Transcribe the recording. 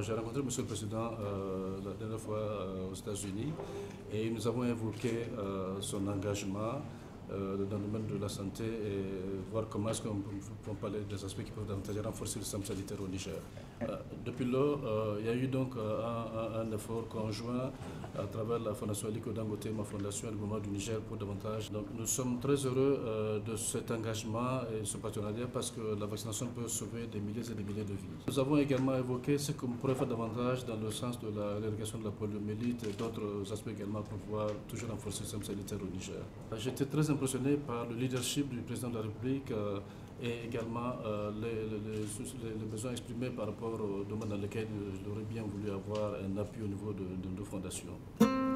Euh, j'ai rencontré Monsieur le Président euh, la dernière fois euh, aux États-Unis et nous avons évoqué son engagement euh, dans le domaine de la santé et voir comment est-ce qu'on peut parler des aspects qui peuvent davantage renforcer le système sanitaire au Niger. Euh, depuis lors, euh, il y a eu donc un, effort conjoint à travers la Fondation Aliko Dangote, ma fondation et le gouvernement du Niger pour davantage. Donc nous sommes très heureux de cet engagement et ce partenariat parce que la vaccination peut sauver des milliers et des milliers de vies. Nous avons également évoqué ce qu'on pourrait faire davantage dans le sens de l'éradication de la poliomyélite et d'autres aspects également pour pouvoir toujours renforcer le système sanitaire au Niger. J'étais très impressionné par le leadership du président de la République euh, et également euh, les, besoins exprimés par rapport au domaine dans lequel j'aurais bien voulu avoir un appui au niveau de nos fondations.